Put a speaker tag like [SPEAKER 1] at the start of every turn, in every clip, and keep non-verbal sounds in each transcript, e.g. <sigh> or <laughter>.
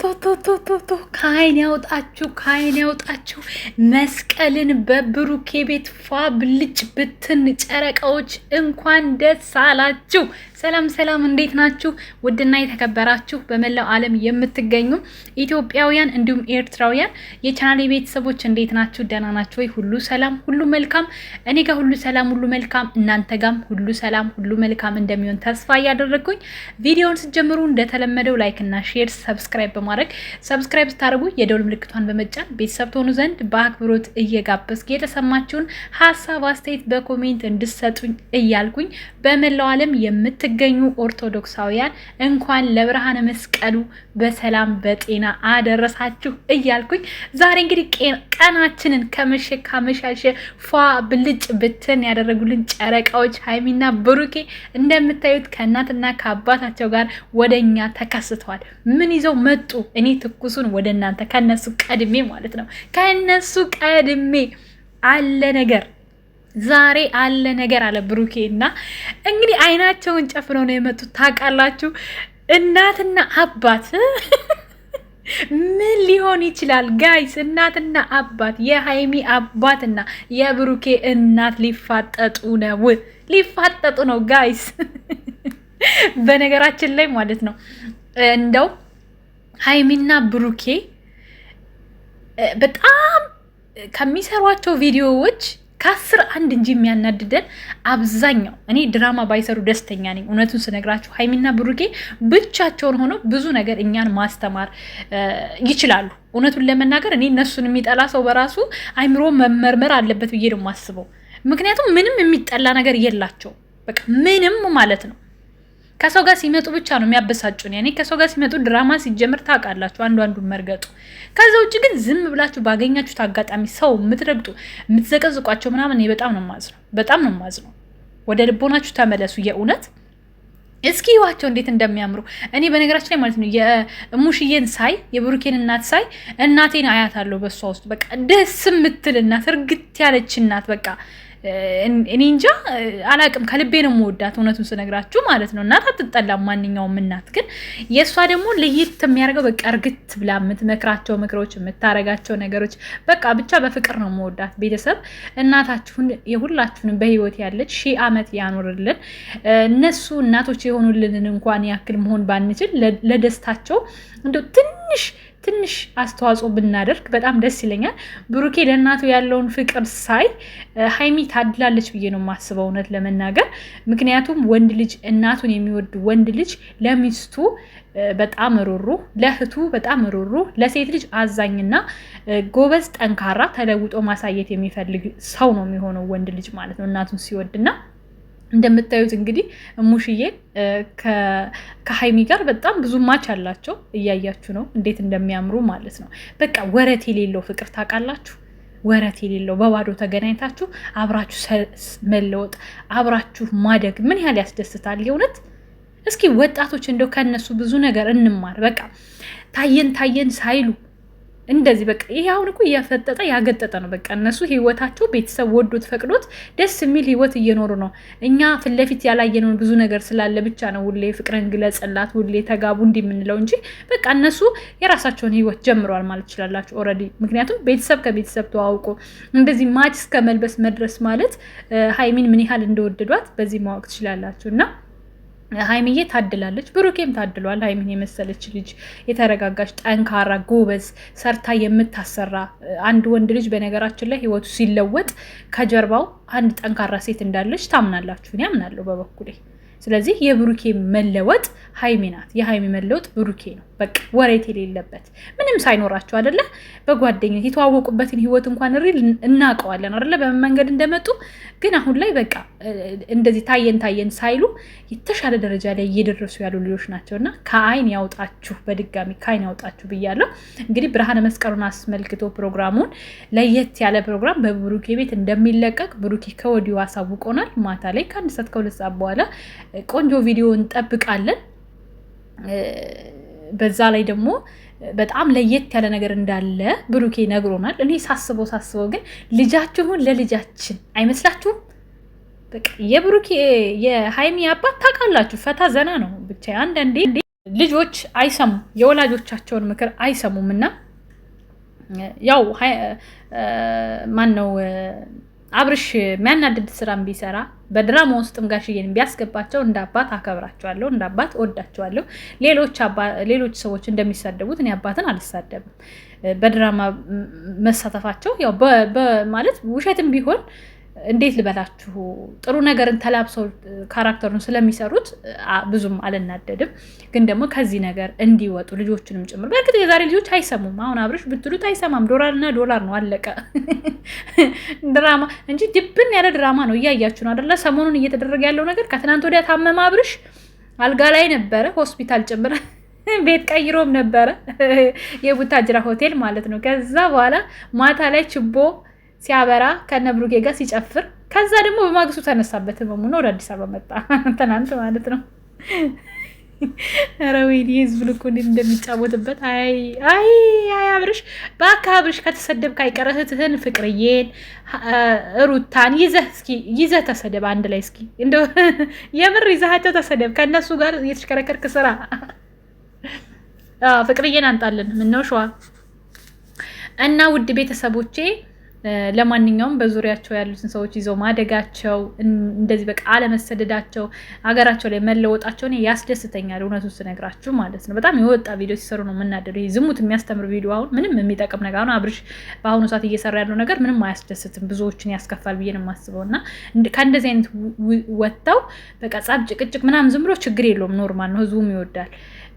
[SPEAKER 1] ቶቶቶቶቶ ከአይን ያውጣችሁ፣ ከአይን ያውጣችሁ። መስቀልን በብሩኬ ቤት ፏ ብልጭ ብትን ጨረቃዎች እንኳን ደስ አላችሁ። ሰላም ሰላም፣ እንዴት ናችሁ? ውድና የተከበራችሁ በመላው ዓለም የምትገኙ ኢትዮጵያውያን እንዲሁም ኤርትራውያን የቻናሌ ቤተሰቦች እንዴት ናችሁ? ደህና ናችሁ ወይ? ሁሉ ሰላም፣ ሁሉ መልካም። እኔ ጋር ሁሉ ሰላም፣ ሁሉ መልካም። እናንተ ጋም ሁሉ ሰላም፣ ሁሉ መልካም እንደሚሆን ተስፋ እያደረግኩኝ ቪዲዮውን ስትጀምሩ እንደተለመደው እና ሼር፣ ሰብስክራይብ በማድረግ ሰብስክራይብ ስታደርጉ የደውል ምልክቷን በመጫን ቤተሰብ ትሆኑ ዘንድ በአክብሮት እየጋበዝኩ የተሰማችሁን ሀሳብ አስተያየት በኮሜንት እንድሰጡኝ እያልኩኝ በመላው ዓለም የምት የምትገኙ ኦርቶዶክሳውያን እንኳን ለብርሃነ መስቀሉ በሰላም በጤና አደረሳችሁ እያልኩኝ ዛሬ እንግዲህ ቀናችንን ከመሸ ካመሻሸ ፏ ብልጭ ብትን ያደረጉልን ጨረቃዎች ሀይሚና ብሩኬ እንደምታዩት ከእናትና ከአባታቸው ጋር ወደ እኛ ተከስተዋል። ምን ይዘው መጡ? እኔ ትኩሱን ወደ እናንተ ከነሱ ቀድሜ ማለት ነው ከነሱ ቀድሜ አለ ነገር ዛሬ አለ ነገር አለ ብሩኬ እና እንግዲህ አይናቸውን ጨፍነው ነው የመጡት። ታውቃላችሁ እናትና አባት <laughs> ምን ሊሆን ይችላል ጋይስ? እናትና አባት የሀይሚ አባትና የብሩኬ እናት ሊፋጠጡ ነው፣ ሊፋጠጡ ነው ጋይስ። <laughs> በነገራችን ላይ ማለት ነው እንደው ሀይሚና ብሩኬ በጣም ከሚሰሯቸው ቪዲዮዎች ከአስር አንድ እንጂ የሚያናድደን አብዛኛው እኔ ድራማ ባይሰሩ ደስተኛ ነኝ። እውነቱን ስነግራችሁ ሀይሚና ብሩኬ ብቻቸውን ሆነው ብዙ ነገር እኛን ማስተማር ይችላሉ። እውነቱን ለመናገር እኔ እነሱን የሚጠላ ሰው በራሱ አይምሮ መመርመር አለበት ብዬ ነው የማስበው። ምክንያቱም ምንም የሚጠላ ነገር የላቸው በቃ ምንም ማለት ነው። ከሰው ጋር ሲመጡ ብቻ ነው የሚያበሳጩን። ያኔ ከሰው ጋር ሲመጡ ድራማ ሲጀምር ታውቃላችሁ፣ አንዱ አንዱን መርገጡ። ከዛ ውጭ ግን ዝም ብላችሁ ባገኛችሁት አጋጣሚ ሰው የምትረግጡ የምትዘቀዝቋቸው ምናምን በጣም ነው ማዝ ነው፣ በጣም ነው ማዝ ነው። ወደ ልቦናችሁ ተመለሱ የእውነት እስኪ ህይዋቸው እንዴት እንደሚያምሩ እኔ በነገራችን ላይ ማለት ነው የሙሽዬን ሳይ የብሩኬን እናት ሳይ እናቴን አያታለሁ። በእሷ ውስጥ በቃ ደስ የምትል እናት፣ እርግት ያለች እናት በቃ እኔ እንጃ አላቅም። ከልቤ ነው መወዳት እውነቱን ስነግራችሁ ማለት ነው። እናት አትጠላም፣ ማንኛውም እናት ግን የእሷ ደግሞ ለየት የሚያደርገው በቃ እርግት ብላ የምትመክራቸው ምክሮች፣ የምታረጋቸው ነገሮች በቃ ብቻ በፍቅር ነው መወዳት ቤተሰብ እናታችሁን የሁላችሁንም በህይወት ያለች ሺህ ዓመት ያኖርልን። እነሱ እናቶች የሆኑልንን እንኳን ያክል መሆን ባንችል ለደስታቸው እንደው ትንሽ ትንሽ አስተዋጽኦ ብናደርግ በጣም ደስ ይለኛል። ብሩኬ ለእናቱ ያለውን ፍቅር ሳይ ሀይሚ ታድላለች ብዬ ነው የማስበው እውነት ለመናገር ምክንያቱም ወንድ ልጅ እናቱን የሚወድ ወንድ ልጅ ለሚስቱ በጣም ሩሩ፣ ለእህቱ በጣም ሩሩ፣ ለሴት ልጅ አዛኝና ጎበዝ፣ ጠንካራ፣ ተለውጦ ማሳየት የሚፈልግ ሰው ነው የሚሆነው ወንድ ልጅ ማለት ነው እናቱን ሲወድና እንደምታዩት እንግዲህ ሙሽዬ ከሀይሚ ጋር በጣም ብዙ ማች አላቸው። እያያችሁ ነው እንዴት እንደሚያምሩ ማለት ነው። በቃ ወረት የሌለው ፍቅር ታውቃላችሁ፣ ወረት የሌለው በባዶ ተገናኝታችሁ አብራችሁ መለወጥ፣ አብራችሁ ማደግ ምን ያህል ያስደስታል የእውነት። እስኪ ወጣቶች እንደው ከነሱ ብዙ ነገር እንማር። በቃ ታየን ታየን ሳይሉ እንደዚህ በቃ ይሄ አሁን እኮ እያፈጠጠ ያገጠጠ ነው። በቃ እነሱ ህይወታቸው ቤተሰብ ወዶት ፈቅዶት ደስ የሚል ህይወት እየኖሩ ነው። እኛ ፊት ለፊት ያላየነውን ብዙ ነገር ስላለ ብቻ ነው ሁሌ ፍቅርን ግለጽላት፣ ሁሌ ተጋቡ እንዲህ የምንለው እንጂ በቃ እነሱ የራሳቸውን ህይወት ጀምረዋል ማለት ትችላላችሁ ኦልሬዲ። ምክንያቱም ቤተሰብ ከቤተሰብ ተዋውቆ እንደዚህ ማች እስከ መልበስ መድረስ ማለት ሀይሚን ምን ያህል እንደወደዷት በዚህ ማወቅ ትችላላችሁ እና ሀይሚዬ ታድላለች፣ ብሩኬም ታድሏል። ሀይሚን የመሰለች ልጅ የተረጋጋች፣ ጠንካራ፣ ጎበዝ፣ ሰርታ የምታሰራ አንድ ወንድ ልጅ በነገራችን ላይ ህይወቱ ሲለወጥ ከጀርባው አንድ ጠንካራ ሴት እንዳለች ታምናላችሁ? እኔ አምናለሁ በበኩሌ ስለዚህ የብሩኬ መለወጥ ሀይሚ ናት። የሀይሚ መለወጥ ብሩኬ ነው። በቃ ወሬት የሌለበት ምንም ሳይኖራቸው አደለ በጓደኝነት የተዋወቁበትን ህይወት እንኳን ሪል እናውቀዋለን አደለ በምን መንገድ እንደመጡ ግን አሁን ላይ በቃ እንደዚህ ታየን ታየን ሳይሉ የተሻለ ደረጃ ላይ እየደረሱ ያሉ ልጆች ናቸው እና ከአይን ያውጣችሁ፣ በድጋሚ ከአይን ያውጣችሁ ብያለሁ። እንግዲህ ብርሃነ መስቀሉን አስመልክቶ ፕሮግራሙን ለየት ያለ ፕሮግራም በብሩኬ ቤት እንደሚለቀቅ ብሩኬ ከወዲሁ አሳውቆናል። ማታ ላይ ከአንድ ሰዓት ከሁለት ሰዓት በኋላ ቆንጆ ቪዲዮ እንጠብቃለን። በዛ ላይ ደግሞ በጣም ለየት ያለ ነገር እንዳለ ብሩኬ ነግሮናል። እኔ ሳስበው ሳስበው ግን ልጃችሁን ለልጃችን አይመስላችሁም? በቃ የብሩኬ የሀይሚ አባት ታውቃላችሁ፣ ፈታ ዘና ነው ብቻ። አንዳንዴ ልጆች አይሰሙም፣ የወላጆቻቸውን ምክር አይሰሙም እና ያው ማን ነው አብርሽ የሚያናድድ ስራም ቢሰራ በድራማ ውስጥም ጋሽዬን ቢያስገባቸው እንደ አባት አከብራቸዋለሁ፣ እንደ አባት ወዳቸዋለሁ። ሌሎች ሰዎች እንደሚሳደቡት እኔ አባትን አልሳደብም። በድራማ መሳተፋቸው ያው ማለት ውሸትም ቢሆን እንዴት ልበላችሁ ጥሩ ነገርን ተላብሰው ካራክተሩን ስለሚሰሩት ብዙም አልናደድም። ግን ደግሞ ከዚህ ነገር እንዲወጡ ልጆችንም ጭምር በእርግጥ የዛሬ ልጆች አይሰሙም። አሁን አብርሽ ብትሉት አይሰማም። ዶላርና ዶላር ነው አለቀ። <laughs> ድራማ እንጂ ድብን ያለ ድራማ ነው። እያያችሁ ነው አደለ? ሰሞኑን እየተደረገ ያለው ነገር ከትናንት ወዲያ ታመመ አብርሽ፣ አልጋ ላይ ነበረ ሆስፒታል ጭምር <laughs> ቤት ቀይሮም ነበረ <laughs> የቡታጅራ ሆቴል ማለት ነው። ከዛ በኋላ ማታ ላይ ችቦ ሲያበራ ከነብሩጌ ጋር ሲጨፍር ከዛ ደግሞ በማግስቱ ተነሳበት ህመሙ ነው ወደ አዲስ አበባ መጣ። <laughs> ትናንት ማለት ነው። ኧረ ወይኔ ህዝብ ልኮ እንዴት እንደሚጫወትበት። አይ አይ አይ አብርሽ እባክህ አብርሽ ከተሰደብክ አይቀር እህትህን ፍቅርዬን ሩታን ይዘህ እስኪ ይዘህ ተሰደብ አንድ ላይ እስኪ እንደ <laughs> የምር ይዘሃቸው ተሰደብ። ከእነሱ ጋር እየተሽከረከርክ ስራ። ፍቅርዬን አንጣልን ምነው ሸዋ እና ውድ ቤተሰቦቼ ለማንኛውም በዙሪያቸው ያሉትን ሰዎች ይዘው ማደጋቸው እንደዚህ በቃ አለመሰደዳቸው ሀገራቸው ላይ መለወጣቸው እኔ ያስደስተኛል። እውነቱን ስነግራችሁ ማለት ነው። በጣም የወጣ ቪዲዮ ሲሰሩ ነው የምናደሩ። ይህ ዝሙት የሚያስተምር ቪዲዮ አሁን ምንም የሚጠቅም ነገር አሁን አብርሽ በአሁኑ ሰዓት እየሰራ ያለው ነገር ምንም አያስደስትም፣ ብዙዎችን ያስከፋል ብዬ ነው የማስበው። እና ከእንደዚህ አይነት ወጥተው በቃ ጸብ፣ ጭቅጭቅ ምናምን ዝም ብሎ ችግር የለውም ኖርማል ነው፣ ህዝቡም ይወዳል።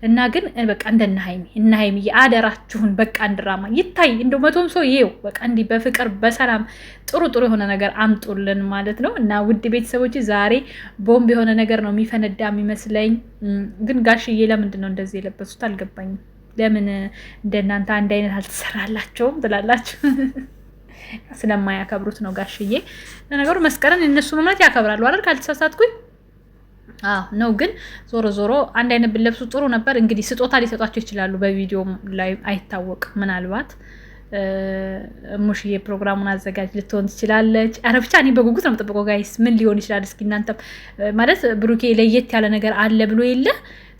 [SPEAKER 1] እና ግን በቃ እንደነ ሀይሚ እነ ሀይሚ አደራችሁን በቃ እንድራማ ይታይ እንደ መቶም ሰው ይው በቃ እንዲህ በፍቅር በሰላም ጥሩ ጥሩ የሆነ ነገር አምጡልን ማለት ነው። እና ውድ ቤተሰቦች ዛሬ ቦምብ የሆነ ነገር ነው የሚፈነዳ የሚመስለኝ። ግን ጋሽዬ ለምንድን ነው እንደዚህ የለበሱት አልገባኝም። ለምን እንደናንተ አንድ አይነት አልተሰራላቸውም ትላላችሁ? <laughs> ስለማያከብሩት ነው ጋሽዬ። ለነገሩ መስቀልን እነሱ መምረት ያከብራሉ አይደል? ካልተሳሳትኩኝ ነው ግን ዞሮ ዞሮ አንድ አይነት ብለብሱ ጥሩ ነበር። እንግዲህ ስጦታ ሊሰጧቸው ይችላሉ። በቪዲዮ ላይ አይታወቅ ምናልባት ሙሽዬ ፕሮግራሙን አዘጋጅ ልትሆን ትችላለች። ኧረ ብቻ እኔ በጉጉት ነው የምጠብቀው ጋይስ፣ ምን ሊሆን ይችላል? እስኪ እናንተም ማለት ብሩኬ ለየት ያለ ነገር አለ ብሎ የለ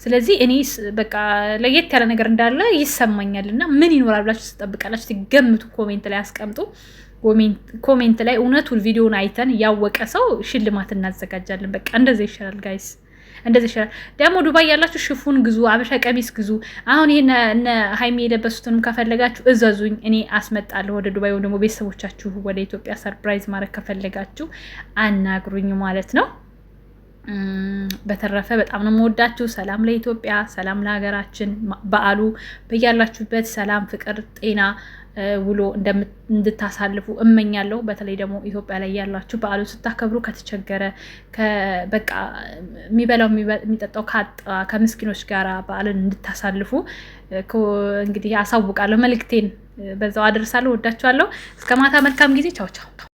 [SPEAKER 1] ስለዚህ እኔ በቃ ለየት ያለ ነገር እንዳለ ይሰማኛል። እና ምን ይኖራል ብላችሁ ትጠብቃላችሁ? ትገምቱ፣ ኮሜንት ላይ አስቀምጡ። ኮሜንት ላይ እውነቱን ቪዲዮን አይተን ያወቀ ሰው ሽልማት እናዘጋጃለን። በቃ እንደዚህ ይሻላል ጋይስ። እንደዚህ ይሻላል። ደግሞ ዱባይ ያላችሁ ሽፉን ግዙ፣ አበሻ ቀሚስ ግዙ። አሁን ይሄ እነ ሀይሚ የለበሱትንም ከፈለጋችሁ እዘዙኝ፣ እኔ አስመጣለሁ ወደ ዱባይ። ወይም ደግሞ ቤተሰቦቻችሁ ወደ ኢትዮጵያ ሰርፕራይዝ ማድረግ ከፈለጋችሁ አናግሩኝ ማለት ነው። በተረፈ በጣም ነው የምወዳችሁ። ሰላም ለኢትዮጵያ፣ ሰላም ለሀገራችን። በዓሉ በያላችሁበት ሰላም፣ ፍቅር፣ ጤና ውሎ እንድታሳልፉ እመኛለሁ። በተለይ ደግሞ ኢትዮጵያ ላይ ያላችሁ በዓሉን ስታከብሩ ከተቸገረ በቃ የሚበላው የሚጠጣው ካጣ ከምስኪኖች ጋር በዓልን እንድታሳልፉ እንግዲህ አሳውቃለሁ። መልእክቴን በዛው አደርሳለሁ። ወዳችኋለሁ። እስከ ማታ መልካም ጊዜ። ቻው ቻው።